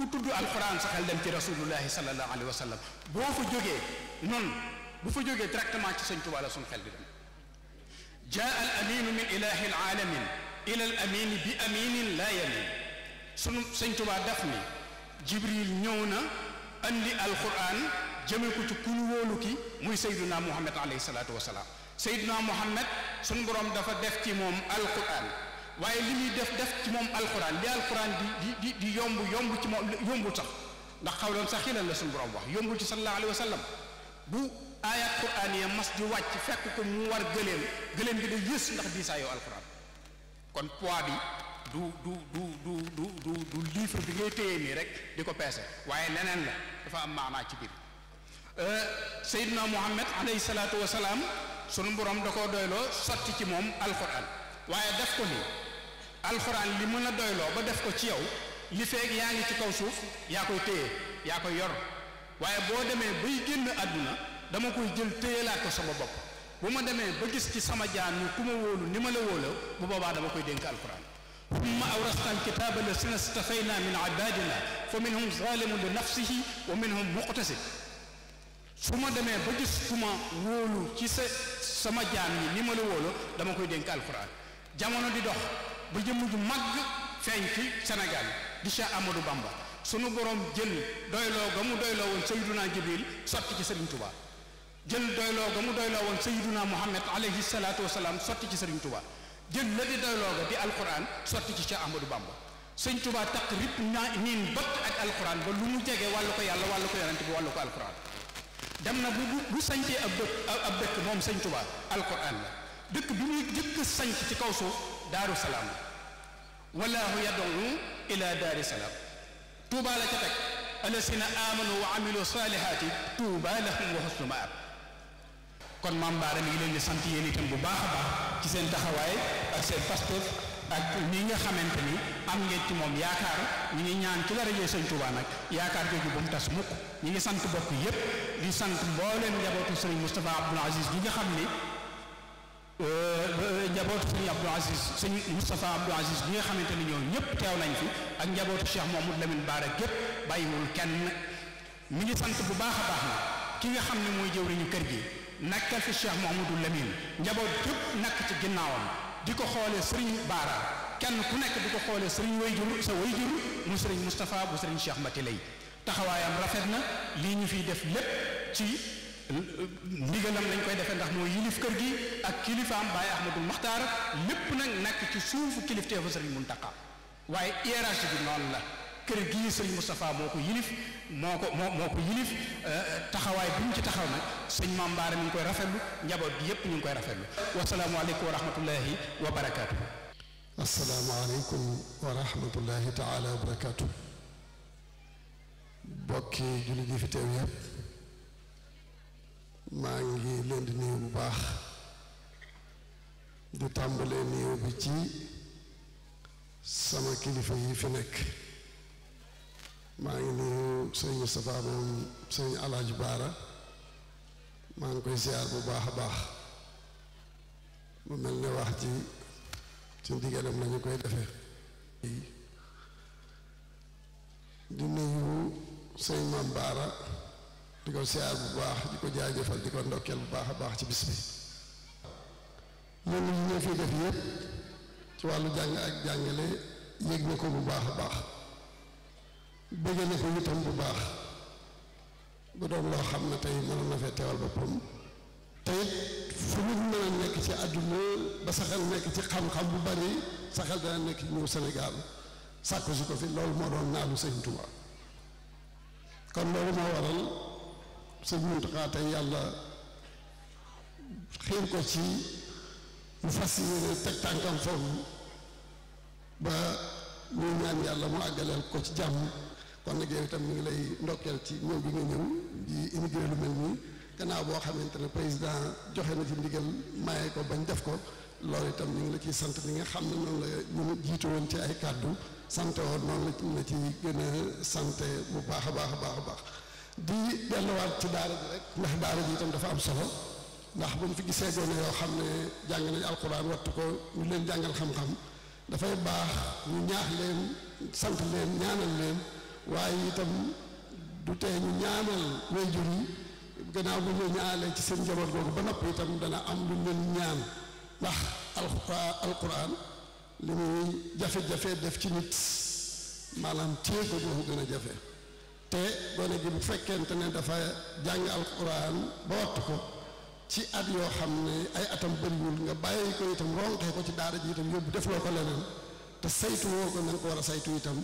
Speaker 1: كتب الفران سخال دم رسول الله صلى الله عليه وسلم بو فا جوغي نون بو فا جوغي دراكتمان سي سنتو والا سن خال دم جاء الامين من اله العالمين الى الامين بامين لا يمين سن سنتو با دافني جبريل نيونا اندي القران جيمي كو تي كول وولوكي موي سيدنا محمد عليه الصلاه والسلام سيدنا محمد سن بروم دافا ديف تي موم القران waye limi def def ci mom alquran li alquran di di di yomb yomb ci mom yomb tax ndax xawlan sax xilal la sun borom wax yombul ci sallallahu alayhi wasallam bu ayat quran ya mas di wàcc fekk ko mu war gëleem gëleem bi da yës ndax di sa diisaayoo alquran kon poids bi du du du du du du du livre bi ngay téye ni rek diko pesse waye nenen la dafa am maana ci bir euh sayyidna muhammad alayhi salatu wasalam sun borom dako doylo doyloo ci mom alquran waaye def ko nii alxuraan li mën a doyloo ba def ko ci yow li feeg yaa ngi ci kaw suuf yaa koy téye yaa koy yor waaye boo demee bay génn àdduna dama koy jël téyelaat ko sama bopp bu ma demee ba gis ci sama jaan ñu ku ma wóolu ni ma la wóoloo bu boobaa dama koy dénk alxuraan summa awrasna alkitaba lasina stafayna min ibadina fa minhum zalimun li nafsihi wa minhum muqtasid su ma demee ba gis ku ma wóolu ci sa sama jaan ñi ni ma la wóoloo dama koy dénk alxuraan jamono di dox ba jëmm ju mag feeñ ci Sénégal di Cheikh Amadou Bamba sunu borom jël doyloo ga mu doyloo woon Sayyiduna Jibril sotti ci Serigne Touba jël doyloo ga mu doyloo woon Sayyiduna Muhammad alayhi salaatu salaam sotti ci Serigne Touba jël la di doyloo ga di alquran sotti ci Cheikh Amadou Bamba Serigne Touba taq rip na niin bët ak alquran ba lu mu jege wàllu ko yàlla wàllu ko yonent bi wàllu ko alquran dem na bu bu bu sañtee ab dëkk ab dëkk moom Serigne Touba la dëkk bi muy jëkk sanc ci kaw suuf daaru salaam wallaahu yad'u ila daari salaam tuubaa la ca teg alasina amanu wa amilu saalihaati tuubaa lahum wa husnu maab kon maam Baara mi ngi leen di sant yéen itam bu baax a baax ci seen taxawaay ak seen pasteur ak ñi nga xamante ni am ngeen ci moom yaakaar ñu ngi ñaan ci la rajo Sëñ Touba nag yaakaar jooju bu mu tas mukk ñu ngi sant bokk yépp di sant mbooleem njabootu Sëriñ Moustapha Abdoul Aziz bi nga xam ni Euh, njabootu sëñ Abdou Aziz sëñ Moustapha Abdou Aziz bi nga xamante ni ñoom ñëpp teew nañ fi ak njabootu Cheikh Mouhamadou Lamine Bara gépp bàyyiwul kenn mi ngi sant bu baax na ki nga xam ne mooy jëwriñu kër gi nakkal fi Cheikh Mouhamadou Lamine njaboot yëpp nakk ci ginnaawam di ko xoolee Serigne Bara kenn ku nekk di ko xoolee Serigne wayjur sa wayjur mu Serigne Moustapha bu Serigne Cheikh Mati lay taxawaayam rafet na lii ñu fiy def lépp ci. ndigalam lañ koy defee ndax moo yilif kër gi ak kilifaam Baye Ahmadul Maxtaar lépp nag nekk ci suufu kilifteefu Sëriñ Muntaqa waaye hiérarchie bi noonu la kër gii Sëriñ euh, taxawaay bi mu sëñ Maam Baara koy rafetlu njaboot bi yépp ñu ngi koy rafetlu
Speaker 2: wasalaamualeykum wa rahmatullahi wa barakaatu. asalaamaaleykum wa barakaatu. bokki jullit yi fi teew maa ngi leen di nuyu bu baax di tàmbalee nuyu bi ci sama kilifa yi fi nekk maa ngi nuyu sëñ Moustapha moom sëñ Baara maa ngi koy ziar bu baax a baax mu mel ne wax ji ci ndigalam lañu koy defe di nuyu sëñ Maam Baara di ko siyaar bu baax di ko jaajëfal di ko ndokkeel bu baax a baax ci bis bi loolu ci wàllu jàng ak jàngale yëg na ko bu baax a baax ko itam bu baax bu doon loo xam ne tey mënoon na fee teewal boppam tey fu bu bari saxel dana nekk ñëw Sénégal ko fi loolu moo doon naalu Sëñ Tuubaa kon loolu moo waral sëñ Muntaxa tey yàlla xéer ko ci mu fas yéene teg tànkam foofu ba ñu ñaan yàlla mu àggaleel ko ci jàmm kon nag yow itam ñu lay ndokkeel ci ñëw bi nga ñëw di immigré lu mel nii gannaaw boo xamante ne président joxe na ci ndigal maye ko bañ def ko loolu itam ñu la ciy sant li nga xam ne noonu la ñu jiitu woon ci ay kàddu sant woon noonu la ci gën a sant bu baax a baax a baax a baax di delluwaat ci daara rek ndax daara ji itam dafa am solo ndax bu mu fi gisee gone yoo xam ne jàng nañu alxuraan wattu ko ñu leen jàngal xam-xam dafay baax ñu ñaax leen sant leen ñaanal leen waaye itam du tee ñu ñaanal waajur yi gannaaw bu ñu ñaanale ci seen njaboot googu ba noppi itam dana am lu leen ñaan ndax alxuraan li muy jafe-jafe def ci nit maanaam téye ko boobu gën a jafe te gone gi bu fekkente ne dafa jàng alquran ba wattu ko ci at yoo xam ne ay atam bëriwul nga bàyyi ko itam ronkee ko ci daara ji itam yóbbu def loo ko leneen te saytu woo ko na nga ko war a saytu itam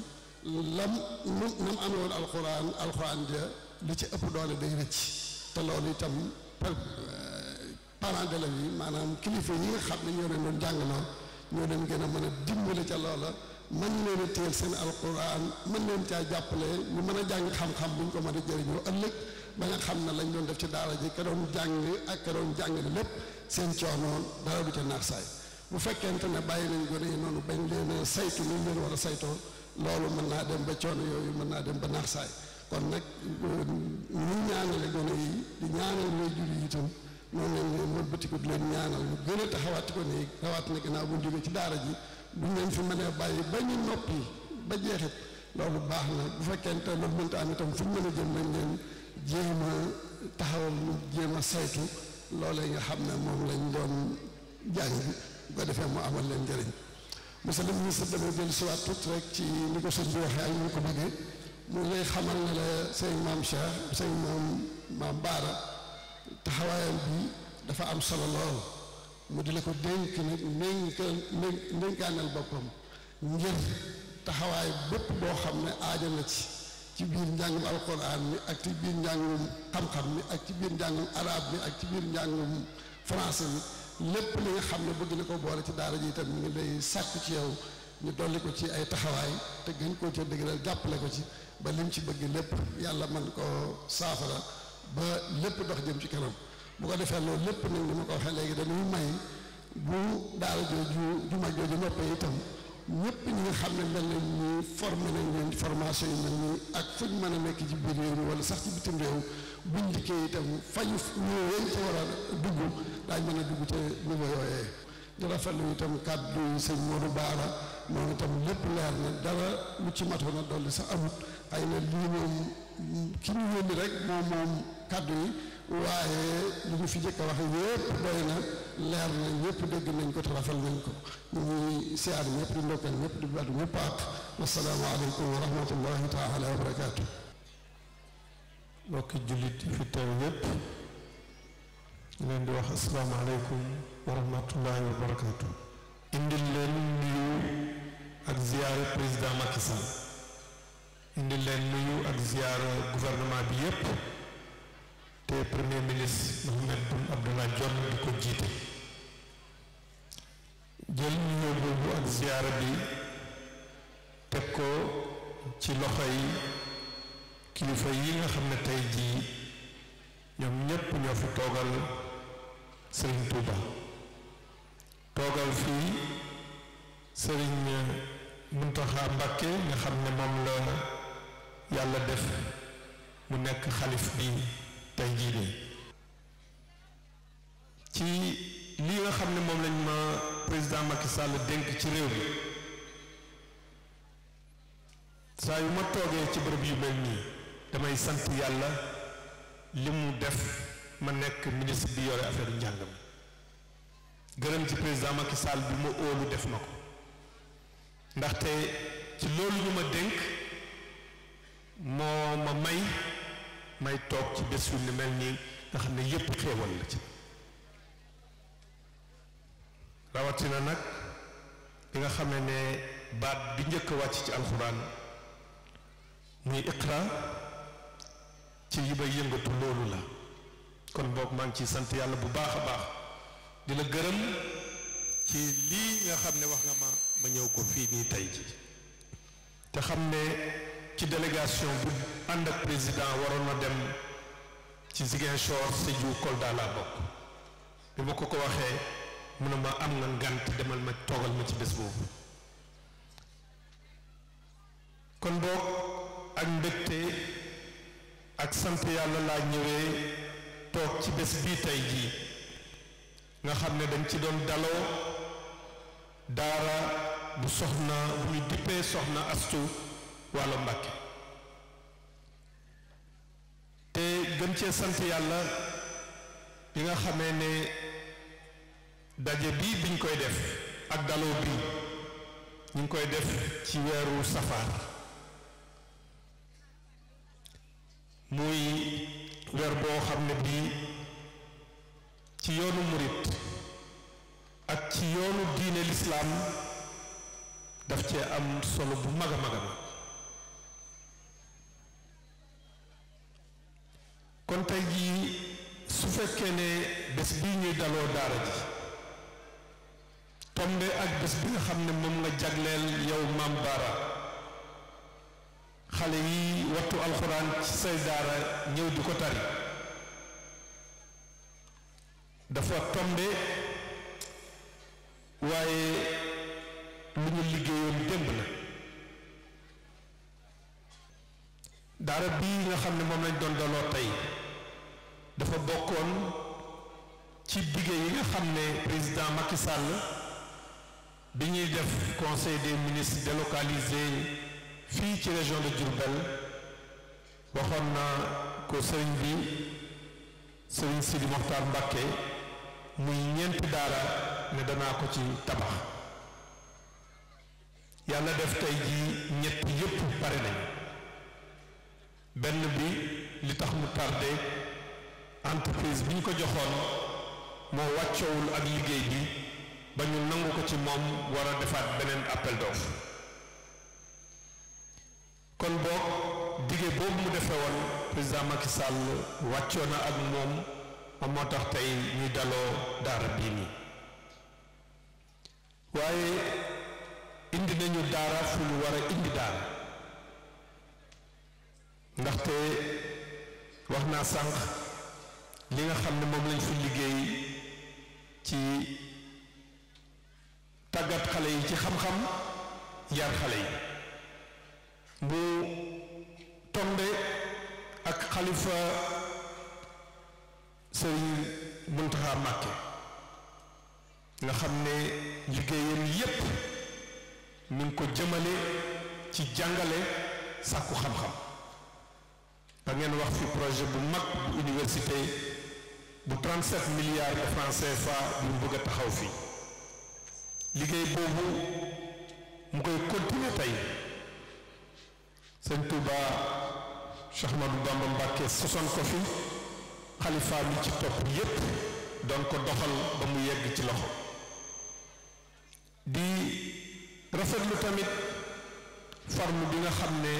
Speaker 2: lam nu nam amoon alquran alquran ja li ci ëpp doole day rëcc te loolu itam euh, parents d'élèves yi maanaam kilifa yi nga xam ne ñoo leen doon jàng loo ñoo leen gën a mën a dimbali ca loola mën leen a téel seen alquran mën leen caa jàppale ñu mën a jàng xam-xam bu ñu ko mën a jëriñoo ëllëg ba nga xam na lañ doon def ci daara ji ka doon jàng ak ka doon jàng ne lépp seen coono dara du ca naax saay bu fekkente ne bàyyi nañ gone yi noonu bañ leen a saytu war a saytoo loolu mën naa dem ba coono yooyu mën naa dem ba naax saay kon nag euh, ñu ñaanale gone yi di ñaanal lay jur yi itam noonu lañ leen wëlbatiku leen ñaanal ñu gën a taxawaati ko ne rawaat na ginnaaw bu ñu jógee ci daara ji buñ leen fi mënee bàyyi ba ñu noppi ba jeexit loolu baax na bu fekkente loolu mënta am tam fu ñu mën a jëm nañ leen jéem a taxawal jéem a saytu loolee nga xam ne moom lañ doon jàng bi ba defee mu amal leen njëriñ monsieur le ministre damay dellu si waat tuuti rek ci li ko sëñ bi ak ñu ko bëggee mu ngi lay xamal ne la sëñ maam Cheikh sëñ maam maam Baara taxawaayam bi dafa am solo lool. mu di la ko dénk nag nénk nénkaanal boppam ngir taxawaay bépp boo xam ne aaja na ci ci biir njàngum alquran mi ak ci biir njàngum xam-xam mi ak ci biir njàngum arab mi ak ci biir njàngum français mi lépp li nga xam ne bëgg na ko boole ci daara ji itam ñu ngi lay sàkku ci yow ñu dolli ko ci ay taxawaay te gën koo ca dëgëral jàppale ko ci ba lim ci bëgg lépp yàlla man koo saafara ba lépp dox jëm ci kanam bu ko defee loolu lépp nag ni ko waxee léegi dañuy may bu daal jooju juma jooju noppee itam ñëpp ñi nga xam ne mel nañ ni nañ leen formation yi mel ak fu ñu mën a nekk ci réew mi wala sax ci bitim réew buñ dikkee itam fañu ñu wen ca war a dugg daañ mën a dugg ca niveau yooyee di rafetlu itam kàddu yi sëñ Modou Baara moom itam lépp leer na dara lu ci matoon a dolli sax amut ay na lii moom ki ñu yónni rek moom moom kàddu yi waaye li ñu fi jëkk a wax yépp doy na leer na ñëpp dégg nañ ko te rafal nañ ko ñu ngi siyaar ñëpp di ndokkeel ñëpp di baatu ñëpp ak wasalaamaaleykum wa rahmatullahi taala wa barakaatu mbokki jullit fi teew yépp leen di wax asalaamaaleykum wa rahmatullahi wa barakaatu indil leen nuyu ak ziyaare président Macky Sall leen nuyu ak ziyaare gouvernement bi yépp te premier ministre Mahammed Boun Abdallah Dionne di ko jiite jël nuyoo boobu ak ziyaara bi teg ko ci loxo yi kilifa yi nga xam ne tey jii ñoom ñépp ñoo fi toogal Serigne Touba toogal fii Serigne Mountakha Mbacké nga xam ne moom la yàlla def mu nekk xalif bi tey jii nii ci li nga xam ne moom lañ ma président Macky Sall dénk ci réew mi saa yu ma toogee ci bërëb yu mel nii damay sant yàlla
Speaker 1: li mu def ma nekk ministre bi yore affaire njàng mi gërëm ci président Macky Sall bi ma óolu def ma ko ndaxte ci loolu ñu ma dénk moo ma may may toog ci bés yu ni mel nii nga xam ne yépp xéewal la ci rawatina nag li nga xamee ne baat bi njëkk wàcc ci alxuraan muy iqra ci yi bay yëngatu loolu la kon boog maa ngi ciy sant yàlla bu baax a baax di la gërëm ci lii nga xam ne wax nga ma ma ñëw ko fii nii tey ji te xam ne ci délégation bi ànd ak président waroon ma dem ci Ziguinchor Sédhiou Kolda laa bokk bi ma ko ko waxee mu ma am na ngànt demal ma toogal ma ci bés boobu kon boog ak mbégte ak sant yàlla laa ñëwee toog ci bés bii tey jii nga xam ne dañ ci doon daloo daara bu soxna bu dippee soxna astu wàllu Mbàkke te gën cee sant yàlla bi nga xamee ne daje bii biñ koy def ak daloo bii ñu koy def ci weeru safaar muy weer boo xam ne bii ci yoonu murit ak ci yoonu diine lislaam daf cee am solo bu mag a mag a
Speaker 2: mag kon tey su fekkee ne bés bii ñuy daloo daara ji
Speaker 1: tombe ak bés bi nga xam ne moom nga jagleel yow maam Baara xale yi wattu alxuraan ci say daara ñëw di ko tari
Speaker 2: dafa tombe waaye lu ñu liggéeyoon démb la
Speaker 1: daara bii nga xam ne moom lañ doon daloo tey de bokkoon ci yi nga président Macky
Speaker 2: Sall bi ñuy conseil des ministres délocalisé fii ci région de Diourbel waxoon na ko sëriñ bi sëriñ Sidi Mokhtar de, muy daara
Speaker 1: ne danaa ko ci tabax yàlla def benn bi li tax entreprise bi ñu ko joxoon moo wàccowul ak liggéey bi ba ñu nangu ko ci moom war a defaat beneen appel d'offre kon boog dige boobu mu defee woon président Macky Sall wàccoo na ak moom moom moo tax tey ñuy daloo daara bii nii waaye indi nañu daara fu ñu war a indi daara ndaxte wax naa sànq li nga xam ne moom lañ fi liggéey ci tàggat xale yi ci xam-xam yar xale yi
Speaker 2: bu tombe ak xalifa sëriñ Muntaxa Mbàkke nga
Speaker 1: xam ne liggéeyam yépp mi ngi ko jëmale ci jàngale sàkku xam-xam da ngeen wax fi projet bu mag bu université bu 37 milliards de francs CFA bu bëgg taxaw fii liggéey boobu mu koy continuer tey sëñ Touba Cheikh Ahmadou Bamba Mbacké sosoon ko fi xalifa bi ci topp yépp doon ko doxal ba mu yegg ci loxo di rafetlu tamit farlu bi nga xam ne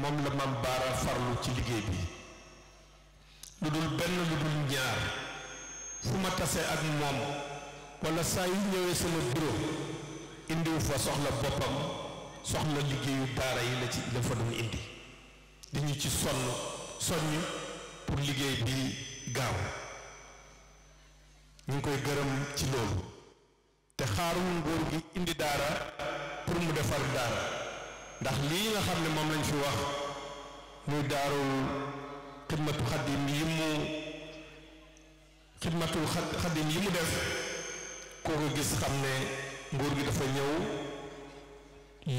Speaker 1: moom la Mame Bara farlu ci liggéey bi lu dul benn lu dul ñaar fu ma tasee ak moom walla saa yu ñëwee sama bureau indiwu fa soxla boppam soxla liggéeyu daara yi la ci doon indi dañu ci sonn soññ pour liggéey bi gaaw ñu koy gërëm ci loolu te xaaruñu nguur gi indi daara pour mu defar daara ndax lii nga xam ne moom lañ fi wax muy daarul xidmatu xaddim yi mu xidmatul xadim yi mu def koo ko gis xam ne nguur gi dafa ñëw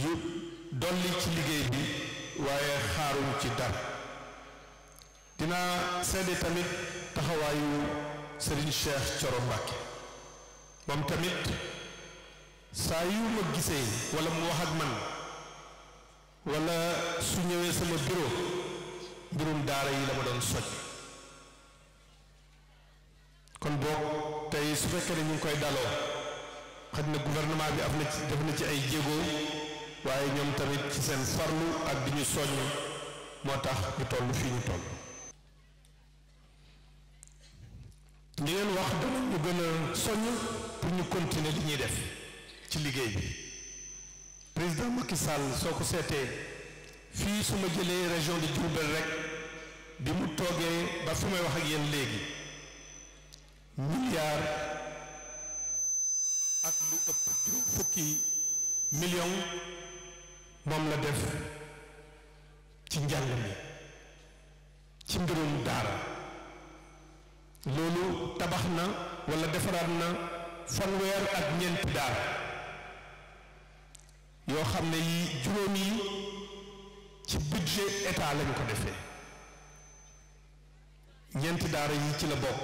Speaker 1: yu dolli ci liggéey bi waaye xaaruñ ci dar dina seede tamit taxawaayu Serigne Cheikh Thioro Mbacke moom tamit saa yu ma gisee wala mu wax ak man wala su ñëwee sama bureau mbirum daara yi la ma doon soj kon boog tey su fekkee ne ñu ngi koy daloo xaj na gouvernement bi am na ci def na ci ay jéego waaye ñoom tamit ci seen
Speaker 2: farlu ak di ñu soññ moo tax ñu toll fii ñu toll. li ngeen wax dana ñu gën a soññ pour ñu continuer
Speaker 1: li ñuy def ci liggéey bi président Macky Sall soo ko seetee fii su ma jëlee région de Diourbel rek bi mu toogee ba su may wax ak yéen léegi. milliard ak lu ëpp fukki million moom la def ci njàng mi ci mbirum daara loolu tabax na walla defaraat na fanweer ak ñeenti daara yoo xam ne yi juróom yi ci budget état lañ ko defee ñeenti daara yi ci la bokk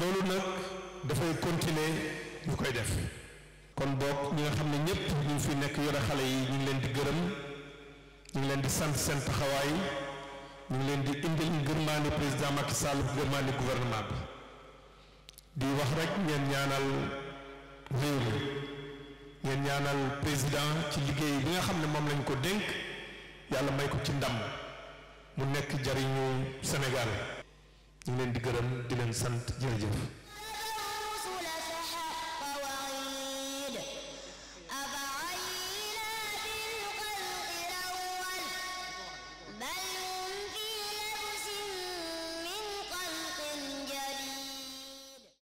Speaker 1: loolu nag dafay continuer ñu koy
Speaker 2: def kon boog ñi nga xam ne ñëpp ñu ngi fi nekk yore xale yi ñu ngi leen di gërëm ñu ngi leen di sant seen taxawaay ñu ngi leen di indil gërmaani président Macky Sall gërmaani gouvernement bi di wax rek ngeen ñaanal
Speaker 1: réew mi ngeen ñaanal président ci liggéey bi nga xam ne moom lañ ko dénk yàlla may ko ci ndam mu nekk jariñu Sénégal ñu leen di gërëm di leen sant jërëjëf